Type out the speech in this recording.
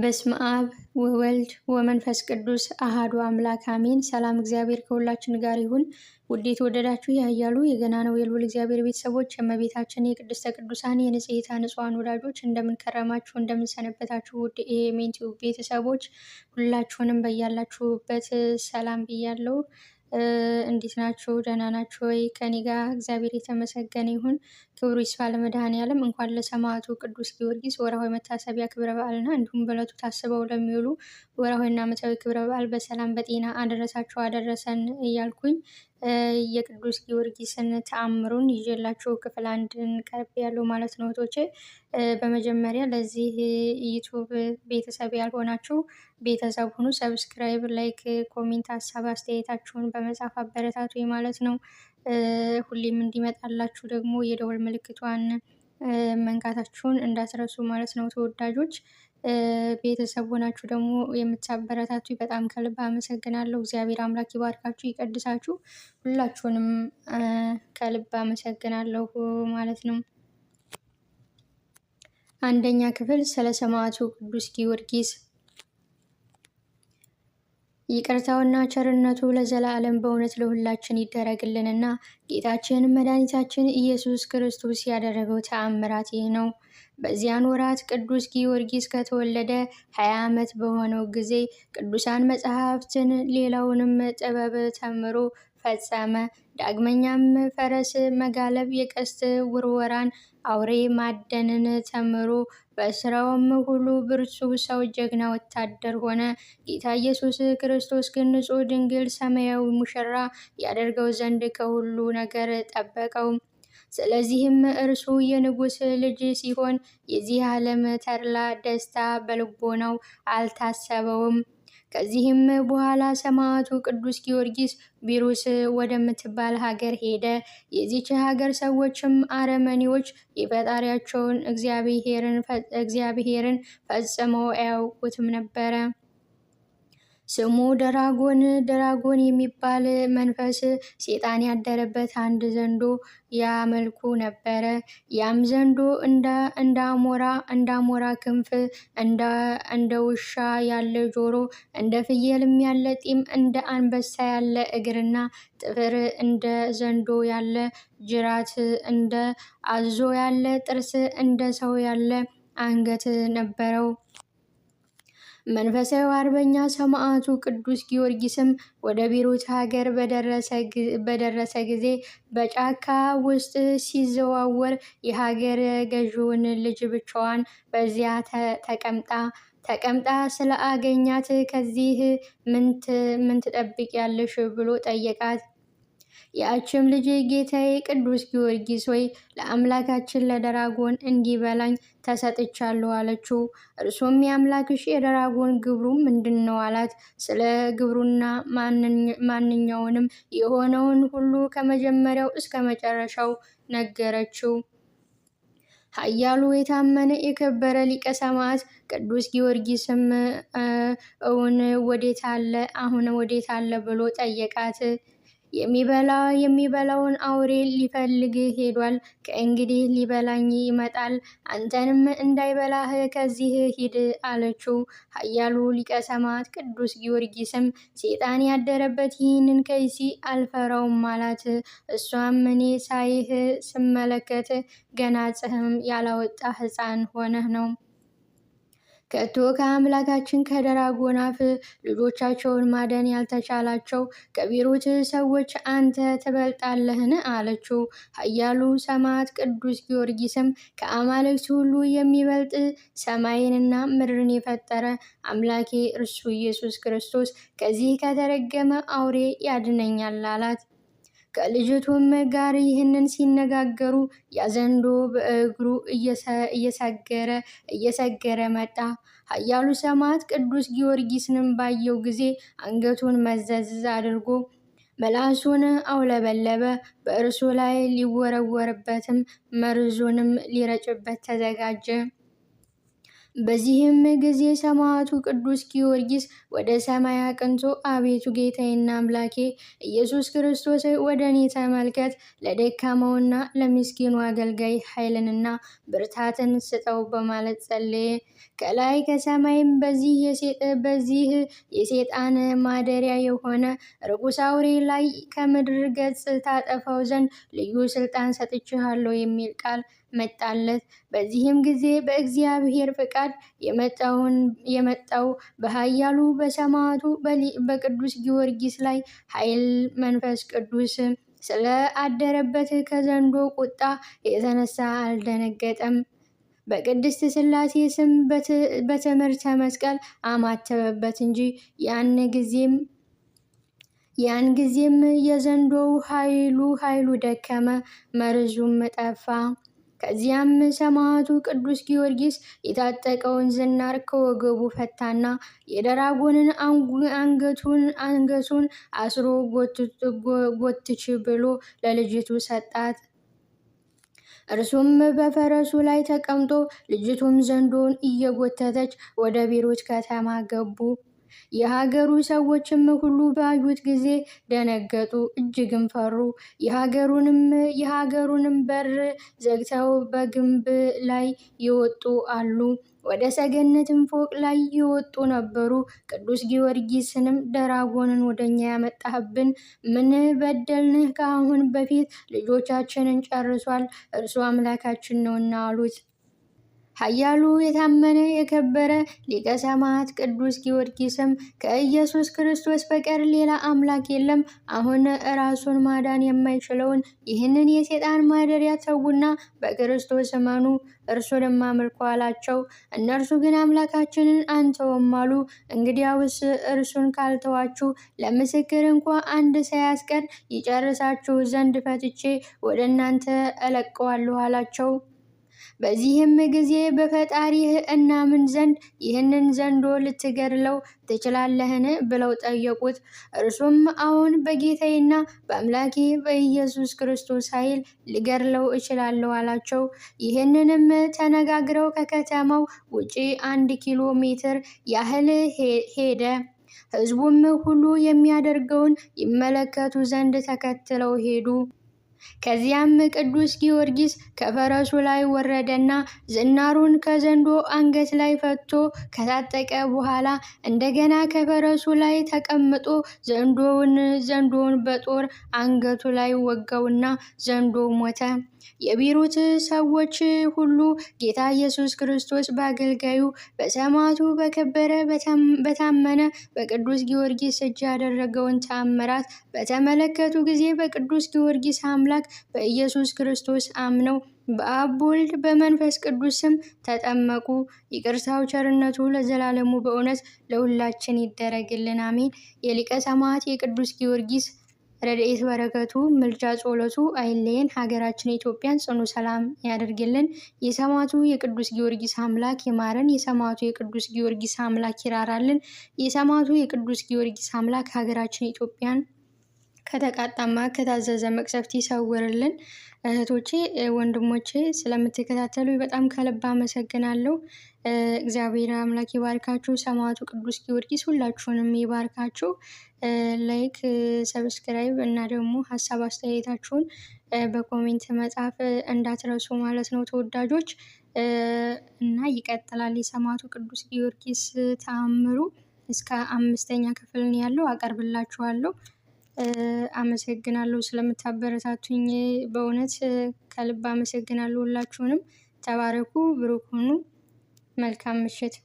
በስመ አብ ወወልድ ወመንፈስ ቅዱስ አሃዱ አምላክ አሜን። ሰላም እግዚአብሔር ከሁላችን ጋር ይሁን። ውድ የተወደዳችሁ ያያሉ የገና ነው የልዑል እግዚአብሔር ቤተሰቦች የእመቤታችን የቅድስተ ቅዱሳን የንጽሕተ ንጹሐን ወዳጆች እንደምንከረማችሁ እንደምንሰነበታችሁ፣ ውድ ቤተሰቦች ሁላችሁንም በያላችሁበት ሰላም ብያለሁ። እንዴት ናችሁ? ደህና ናችሁ ወይ? ከኔ ጋር እግዚአብሔር የተመሰገነ ይሁን። ክብሩ ይስፋ ለመድኃኔዓለም። እንኳን ለሰማዕቱ ቅዱስ ጊዮርጊስ ወርሃዊ መታሰቢያ ክብረ በዓልና እንዲሁም በዕለቱ ታስበው ለሚውሉ ወርሃዊና ዓመታዊ ክብረ በዓል በሰላም በጤና አደረሳቸው አደረሰን እያልኩኝ የቅዱስ ጊዮርጊስን ተአምሩን ይዤላችሁ ክፍል አንድን ቀርብ ያለው ማለት ነው እህቶቼ። በመጀመሪያ ለዚህ ዩቱብ ቤተሰብ ያልሆናችሁ ቤተሰብ ሁኑ። ሰብስክራይብ፣ ላይክ፣ ኮሜንት፣ ሀሳብ አስተያየታችሁን በመጻፍ አበረታቱ ማለት ነው። ሁሌም እንዲመጣላችሁ ደግሞ የደወል ምልክቷን መንካታችሁን እንዳትረሱ ማለት ነው ተወዳጆች። ቤተሰብ ሆናችሁ ደግሞ የምታበረታቱ በጣም ከልብ አመሰግናለሁ። እግዚአብሔር አምላክ ይባርካችሁ፣ ይቀድሳችሁ። ሁላችሁንም ከልብ አመሰግናለሁ ማለት ነው። አንደኛ ክፍል ስለ ሰማዕቱ ቅዱስ ጊዮርጊስ ይቅርታውና ቸርነቱ ለዘላለም በእውነት ለሁላችን ይደረግልንና ጌታችን መድኃኒታችን ኢየሱስ ክርስቶስ ያደረገው ተአምራት ይህ ነው። በዚያን ወራት ቅዱስ ጊዮርጊስ ከተወለደ ሀያ ዓመት በሆነው ጊዜ ቅዱሳን መጽሐፍትን ሌላውንም ጥበብ ተምሮ ፈጸመ። ዳግመኛም ፈረስ መጋለብ፣ የቀስት ውርወራን፣ አውሬ ማደንን ተምሮ በስራውም ሁሉ ብርቱ ሰው ጀግና ወታደር ሆነ። ጌታ ኢየሱስ ክርስቶስ ግን ንጹሕ ድንግል ሰማያዊ ሙሽራ ያደርገው ዘንድ ከሁሉ ነገር ጠበቀው። ስለዚህም እርሱ የንጉሥ ልጅ ሲሆን የዚህ ዓለም ተድላ ደስታ በልቦናው አልታሰበውም። ከዚህም በኋላ ሰማዕቱ ቅዱስ ጊዮርጊስ ቢሩስ ወደምትባል ሀገር ሄደ። የዚች ሀገር ሰዎችም አረመኔዎች የፈጣሪያቸውን እግዚአብሔርን ፈጽመው አያውቁትም ነበረ። ስሙ ደራጎን ደራጎን የሚባል መንፈስ ሴጣን ያደረበት አንድ ዘንዶ ያመልኩ ነበረ። ያም ዘንዶ እንደ አሞራ እንደ አሞራ ክንፍ እንደ ውሻ ያለ ጆሮ፣ እንደ ፍየልም ያለ ጢም፣ እንደ አንበሳ ያለ እግርና ጥፍር፣ እንደ ዘንዶ ያለ ጅራት፣ እንደ አዞ ያለ ጥርስ፣ እንደ ሰው ያለ አንገት ነበረው። መንፈሳዊ አርበኛ ሰማዕቱ ቅዱስ ጊዮርጊስም ወደ ቢሩት ሀገር በደረሰ ጊዜ በጫካ ውስጥ ሲዘዋወር የሀገር ገዢውን ልጅ ብቻዋን በዚያ ተቀምጣ ተቀምጣ ስለ አገኛት ከዚህ ምን ትጠብቂያለሽ ብሎ ጠየቃት። ያችም ልጅ ጌታዬ ቅዱስ ጊዮርጊስ ሆይ ለአምላካችን ለደራጎን እንዲበላኝ ተሰጥቻለሁ አለችው። እርሱም የአምላክሽ የደራጎን ግብሩ ምንድን ነው አላት። ስለ ግብሩና ማንኛውንም የሆነውን ሁሉ ከመጀመሪያው እስከ መጨረሻው ነገረችው። ኃያሉ የታመነ የከበረ ሊቀ ሰማዕት ቅዱስ ጊዮርጊስም እውን ወዴት አለ አሁን ወዴት አለ ብሎ ጠየቃት። የሚበላ የሚበላውን አውሬ ሊፈልግ ሄዷል። ከእንግዲህ ሊበላኝ ይመጣል፣ አንተንም እንዳይበላህ ከዚህ ሂድ አለችው። ኃያሉ ሊቀ ሰማዕት ቅዱስ ጊዮርጊስም ሴጣን ያደረበት ይህንን ከይሲ አልፈራውም አላት። እሷም እኔ ሳይህ ስመለከት ገና ጽህም ያላወጣ ሕፃን ሆነህ ነው ከቶ ከአምላካችን አፍ ልጆቻቸውን ማደን ያልተቻላቸው ከቢሮት ሰዎች አንተ ትበልጣለህን? አለችው። ኃያሉ ሰማዕት ቅዱስ ጊዮርጊስም ከአማልክት ሁሉ የሚበልጥ ሰማይንና ምድርን የፈጠረ አምላኬ እርሱ ኢየሱስ ክርስቶስ ከዚህ ከተረገመ አውሬ ያድነኛል አላት። ከልጅቱም ጋር ይህንን ሲነጋገሩ ያዘንዶ በእግሩ እየሰገረ እየሰገረ መጣ። ኃያሉ ሰማዕት ቅዱስ ጊዮርጊስንም ባየው ጊዜ አንገቱን መዘዝዝ አድርጎ መላሱን አውለበለበ። በእርሱ ላይ ሊወረወርበትም መርዙንም ሊረጭበት ተዘጋጀ። በዚህም ጊዜ ሰማዕቱ ቅዱስ ጊዮርጊስ ወደ ሰማይ አቅንቶ አቤቱ ጌታዬና አምላኬ ኢየሱስ ክርስቶስ ወደ እኔ ተመልከት፣ ለደካማውና ለሚስኪኑ አገልጋይ ኃይልንና ብርታትን ስጠው በማለት ጸለየ። ከላይ ከሰማይም በዚህ የሴጣን ማደሪያ የሆነ ርኩስ አውሬ ላይ ከምድር ገጽ ታጠፈው ዘንድ ልዩ ስልጣን ሰጥችሃለሁ የሚል ቃል መጣለት። በዚህም ጊዜ በእግዚአብሔር ፍቃድ የመጣው በኃያሉ በሰማዕቱ በቅዱስ ጊዮርጊስ ላይ ኃይል መንፈስ ቅዱስ ስለ አደረበት ከዘንዶ ቁጣ የተነሳ አልደነገጠም። በቅድስት ስላሴ ስም በትምህርተ መስቀል አማተበበት እንጂ ያን ጊዜም ያን ጊዜም የዘንዶው ኃይሉ ኃይሉ ደከመ፣ መርዙም ጠፋ። ከዚያም ሰማዕቱ ቅዱስ ጊዮርጊስ የታጠቀውን ዝናር ከወገቡ ፈታና የደራጎንን አንገቱን አንገቱን አስሮ ጎትች ብሎ ለልጅቱ ሰጣት። እርሱም በፈረሱ ላይ ተቀምጦ ልጅቱም ዘንዶን እየጎተተች ወደ ቢሮት ከተማ ገቡ። የሀገሩ ሰዎችም ሁሉ ባዩት ጊዜ ደነገጡ፣ እጅግም ፈሩ። የሀገሩንም የሀገሩንም በር ዘግተው በግንብ ላይ ይወጡ አሉ። ወደ ሰገነትም ፎቅ ላይ ይወጡ ነበሩ። ቅዱስ ጊዮርጊስንም ደራጎንን ወደኛ ያመጣህብን ምን በደልንህ? ከአሁን በፊት ልጆቻችንን ጨርሷል፣ እርሱ አምላካችን ነውና አሉት። ኃያሉ የታመነ የከበረ ሊቀ ሰማዕት ቅዱስ ጊዮርጊስም ከኢየሱስ ክርስቶስ በቀር ሌላ አምላክ የለም፣ አሁን ራሱን ማዳን የማይችለውን ይህንን የሴጣን ማደሪያ ተዉና በክርስቶስ እመኑ እርሱንም አምልኩ አላቸው። እነርሱ ግን አምላካችንን አንተውም አሉ። እንግዲያውስ እርሱን ካልተዋችሁ ለምስክር እንኳ አንድ ሳያስቀር ይጨርሳችሁ ዘንድ ፈትቼ ወደ እናንተ እለቀዋለሁ አላቸው። በዚህም ጊዜ በፈጣሪህ እናምን ዘንድ ይህንን ዘንዶ ልትገድለው ትችላለህን? ብለው ጠየቁት። እርሱም አሁን በጌታዬና በአምላኬ በኢየሱስ ክርስቶስ ኃይል ልገድለው እችላለሁ አላቸው። ይህንንም ተነጋግረው ከከተማው ውጪ አንድ ኪሎ ሜትር ያህል ሄደ። ሕዝቡም ሁሉ የሚያደርገውን ይመለከቱ ዘንድ ተከትለው ሄዱ። ከዚያም ቅዱስ ጊዮርጊስ ከፈረሱ ላይ ወረደና ዝናሩን ከዘንዶ አንገት ላይ ፈቶ ከታጠቀ በኋላ እንደገና ከፈረሱ ላይ ተቀምጦ ዘንዶውን ዘንዶውን በጦር አንገቱ ላይ ወጋውና ዘንዶ ሞተ። የቢሮት ሰዎች ሁሉ ጌታ ኢየሱስ ክርስቶስ በአገልጋዩ በሰማዕቱ በከበረ በታመነ በቅዱስ ጊዮርጊስ እጅ ያደረገውን ተአምራት በተመለከቱ ጊዜ በቅዱስ ጊዮርጊስ አምላክ በኢየሱስ ክርስቶስ አምነው በአብ በመንፈስ ቅዱስ ስም ተጠመቁ። ይቅርታው ቸርነቱ ለዘላለሙ በእውነት ለሁላችን ይደረግልን፣ አሜን። የሊቀ ሰማዕት የቅዱስ ጊዮርጊስ ረድኤት በረከቱ ምልጃ ጸሎቱ አይለየን። ሀገራችን ኢትዮጵያን ጽኑ ሰላም ያደርግልን። የሰማዕቱ የቅዱስ ጊዮርጊስ አምላክ ይማረን። የሰማዕቱ የቅዱስ ጊዮርጊስ አምላክ ይራራልን። የሰማዕቱ የቅዱስ ጊዮርጊስ አምላክ ሀገራችን ኢትዮጵያን ከተቃጣማ ከታዘዘ መቅሰፍት ይሰውርልን። እህቶቼ ወንድሞቼ፣ ስለምትከታተሉ በጣም ከልብ አመሰግናለሁ። እግዚአብሔር አምላክ ይባርካችሁ። ሰማዕቱ ቅዱስ ጊዮርጊስ ሁላችሁንም ይባርካችሁ። ላይክ፣ ሰብስክራይብ እና ደግሞ ሀሳብ አስተያየታችሁን በኮሜንት መጻፍ እንዳትረሱ ማለት ነው ተወዳጆች። እና ይቀጥላል የሰማዕቱ ቅዱስ ጊዮርጊስ ተአምሩ እስከ አምስተኛ ክፍልን ያለው አቀርብላችኋለሁ። አመሰግናለሁ ስለምታበረታቱኝ በእውነት ከልብ አመሰግናለሁ። ሁላችሁንም ተባረኩ፣ ብሩክ ሁኑ። መልካም ምሽት